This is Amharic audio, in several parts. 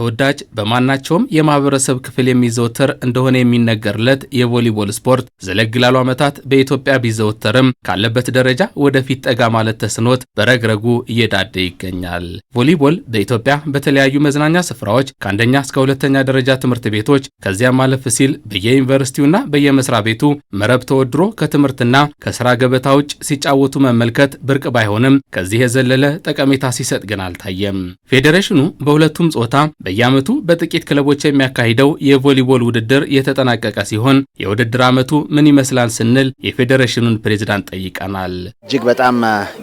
ተወዳጅ በማናቸውም የማህበረሰብ ክፍል የሚዘወተር እንደሆነ የሚነገርለት የቮሊቦል ስፖርት ዘለግ ላሉ ዓመታት በኢትዮጵያ ቢዘወተርም ካለበት ደረጃ ወደፊት ጠጋ ማለት ተስኖት በረግረጉ እየዳደ ይገኛል። ቮሊቦል በኢትዮጵያ በተለያዩ መዝናኛ ስፍራዎች ከአንደኛ እስከ ሁለተኛ ደረጃ ትምህርት ቤቶች ከዚያም ማለፍ ሲል በየዩኒቨርሲቲውና በየመስሪያ ቤቱ መረብ ተወድሮ ከትምህርትና ከስራ ገበታ ውጭ ሲጫወቱ መመልከት ብርቅ ባይሆንም ከዚህ የዘለለ ጠቀሜታ ሲሰጥ ግን አልታየም። ፌዴሬሽኑ በሁለቱም ጾታ በየዓመቱ በጥቂት ክለቦች የሚያካሂደው የቮሊቦል ውድድር የተጠናቀቀ ሲሆን የውድድር ዓመቱ ምን ይመስላል ስንል የፌዴሬሽኑን ፕሬዝዳንት ጠይቀናል። እጅግ በጣም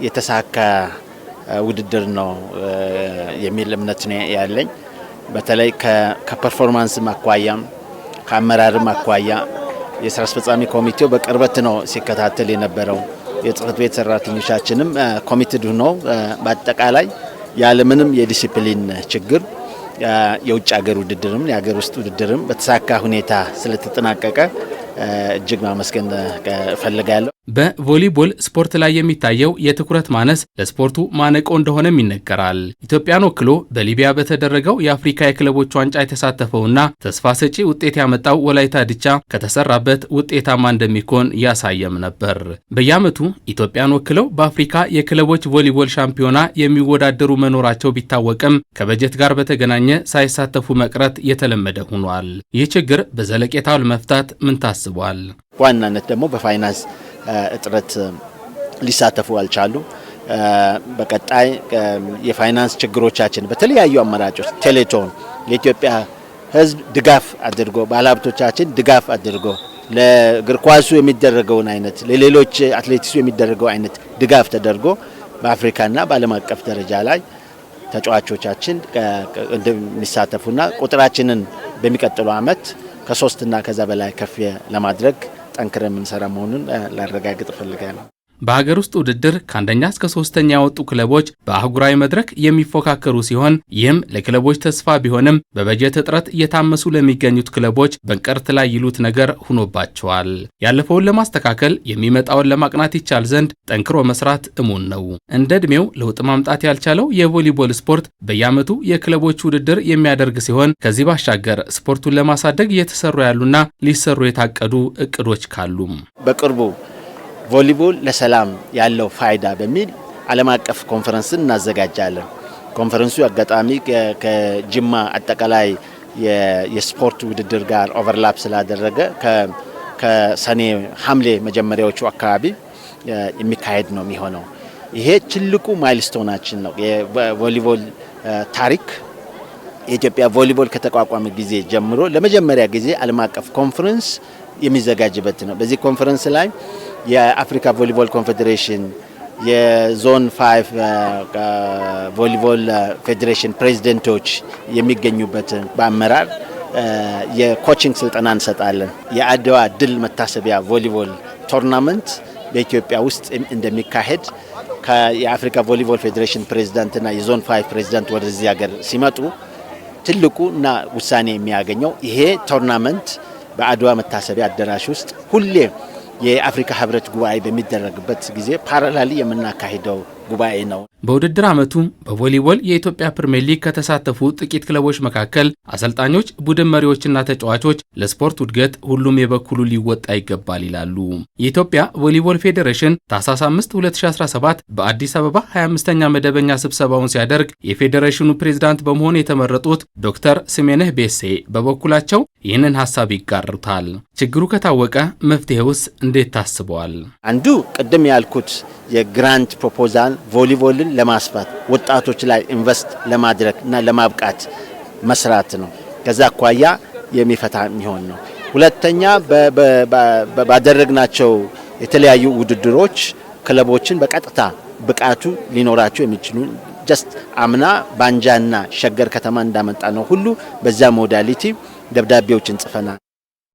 የተሳካ ውድድር ነው የሚል እምነት ነው ያለኝ። በተለይ ከፐርፎርማንስም አኳያም ከአመራርም አኳያ የስራ አስፈጻሚ ኮሚቴው በቅርበት ነው ሲከታተል የነበረው። የጽህፈት ቤት ሰራተኞቻችንም ኮሚትድ ነው በአጠቃላይ ያለምንም የዲሲፕሊን ችግር የውጭ ሀገር ውድድርም የሀገር ውስጥ ውድድርም በተሳካ ሁኔታ ስለተጠናቀቀ እጅግ ማመስገን እፈልጋለሁ። በቮሊቦል ስፖርት ላይ የሚታየው የትኩረት ማነስ ለስፖርቱ ማነቆ እንደሆነም ይነገራል። ኢትዮጵያን ወክሎ በሊቢያ በተደረገው የአፍሪካ የክለቦች ዋንጫ የተሳተፈውና ተስፋ ሰጪ ውጤት ያመጣው ወላይታ ድቻ ከተሰራበት ውጤታማ እንደሚኮን ያሳየም ነበር። በየዓመቱ ኢትዮጵያን ወክለው በአፍሪካ የክለቦች ቮሊቦል ሻምፒዮና የሚወዳደሩ መኖራቸው ቢታወቅም ከበጀት ጋር በተገናኘ ሳይሳተፉ መቅረት የተለመደ ሆኗል። ይህ ችግር በዘለቄታው ለመፍታት ምን ታስቧል? አሳስቧል። በዋናነት ደግሞ በፋይናንስ እጥረት ሊሳተፉ አልቻሉም። በቀጣይ የፋይናንስ ችግሮቻችን በተለያዩ አማራጮች ቴሌቶን ለኢትዮጵያ ሕዝብ ድጋፍ አድርጎ ባለሀብቶቻችን ድጋፍ አድርጎ ለእግር ኳሱ የሚደረገውን አይነት ለሌሎች አትሌቲክሱ የሚደረገው አይነት ድጋፍ ተደርጎ በአፍሪካና በዓለም አቀፍ ደረጃ ላይ ተጫዋቾቻችን እንደሚሳተፉና ቁጥራችንን በሚቀጥለው አመት ከሶስትና ከዛ በላይ ከፍ ለማድረግ ጠንክረ የምንሰራ መሆኑን ላረጋግጥ እፈልጋለሁ። በሀገር ውስጥ ውድድር ከአንደኛ እስከ ሶስተኛ የወጡ ክለቦች በአህጉራዊ መድረክ የሚፎካከሩ ሲሆን ይህም ለክለቦች ተስፋ ቢሆንም በበጀት እጥረት እየታመሱ ለሚገኙት ክለቦች በንቀርት ላይ ይሉት ነገር ሆኖባቸዋል። ያለፈውን ለማስተካከል የሚመጣውን ለማቅናት ይቻል ዘንድ ጠንክሮ መስራት እሙን ነው። እንደ ዕድሜው ለውጥ ማምጣት ያልቻለው የቮሊቦል ስፖርት በየዓመቱ የክለቦች ውድድር የሚያደርግ ሲሆን ከዚህ ባሻገር ስፖርቱን ለማሳደግ እየተሰሩ ያሉና ሊሰሩ የታቀዱ እቅዶች ካሉም በቅርቡ ቮሊቦል ለሰላም ያለው ፋይዳ በሚል ዓለም አቀፍ ኮንፈረንስን እናዘጋጃለን። ኮንፈረንሱ አጋጣሚ ከጅማ አጠቃላይ የስፖርት ውድድር ጋር ኦቨርላፕ ስላደረገ ከሰኔ ሐምሌ መጀመሪያዎቹ አካባቢ የሚካሄድ ነው የሚሆነው። ይሄ ትልቁ ማይልስቶናችን ነው የቮሊቦል ታሪክ የኢትዮጵያ ቮሊቦል ከተቋቋመ ጊዜ ጀምሮ ለመጀመሪያ ጊዜ ዓለም አቀፍ ኮንፈረንስ የሚዘጋጅበት ነው። በዚህ ኮንፈረንስ ላይ የአፍሪካ ቮሊቦል ኮንፌዴሬሽን የዞን ፋይቭ ቮሊቦል ፌዴሬሽን ፕሬዚደንቶች የሚገኙበት በአመራር የኮችንግ ስልጠና እንሰጣለን። የአድዋ ድል መታሰቢያ ቮሊቦል ቶርናመንት በኢትዮጵያ ውስጥ እንደሚካሄድ የአፍሪካ ቮሊቦል ፌዴሬሽን ፕሬዚዳንትና የዞን ፋይቭ ፕሬዚዳንት ወደዚህ ሀገር ሲመጡ ትልቁ እና ውሳኔ የሚያገኘው ይሄ ቶርናመንት በአድዋ መታሰቢያ አዳራሽ ውስጥ ሁሌ የአፍሪካ ህብረት ጉባኤ በሚደረግበት ጊዜ ፓራላሊ የምናካሂደው ጉባኤ ነው። በውድድር ዓመቱ በቮሊቦል የኢትዮጵያ ፕሪምየር ሊግ ከተሳተፉ ጥቂት ክለቦች መካከል አሰልጣኞች፣ ቡድን መሪዎችና ተጫዋቾች ለስፖርት ውድገት ሁሉም የበኩሉ ሊወጣ ይገባል ይላሉ። የኢትዮጵያ ቮሊቦል ፌዴሬሽን ታህሳስ 5 2017 በአዲስ አበባ 25ኛ መደበኛ ስብሰባውን ሲያደርግ የፌዴሬሽኑ ፕሬዝዳንት በመሆን የተመረጡት ዶክተር ስሜነህ ቤሴ በበኩላቸው ይህንን ሀሳብ ይጋሩታል። ችግሩ ከታወቀ መፍትሄውስ እንዴት ታስበዋል? አንዱ ቅድም ያልኩት የግራንት ፕሮፖዛል ቮሊቦልን ለማስፋት ወጣቶች ላይ ኢንቨስት ለማድረግ እና ለማብቃት መስራት ነው። ከዛ አኳያ የሚፈታ የሚሆን ነው። ሁለተኛ ባደረግናቸው የተለያዩ ውድድሮች ክለቦችን በቀጥታ ብቃቱ ሊኖራቸው የሚችሉ ጀስት አምና ባንጃና ሸገር ከተማ እንዳመጣ ነው ሁሉ በዛ ሞዳሊቲ ደብዳቤዎችን ጽፈናል።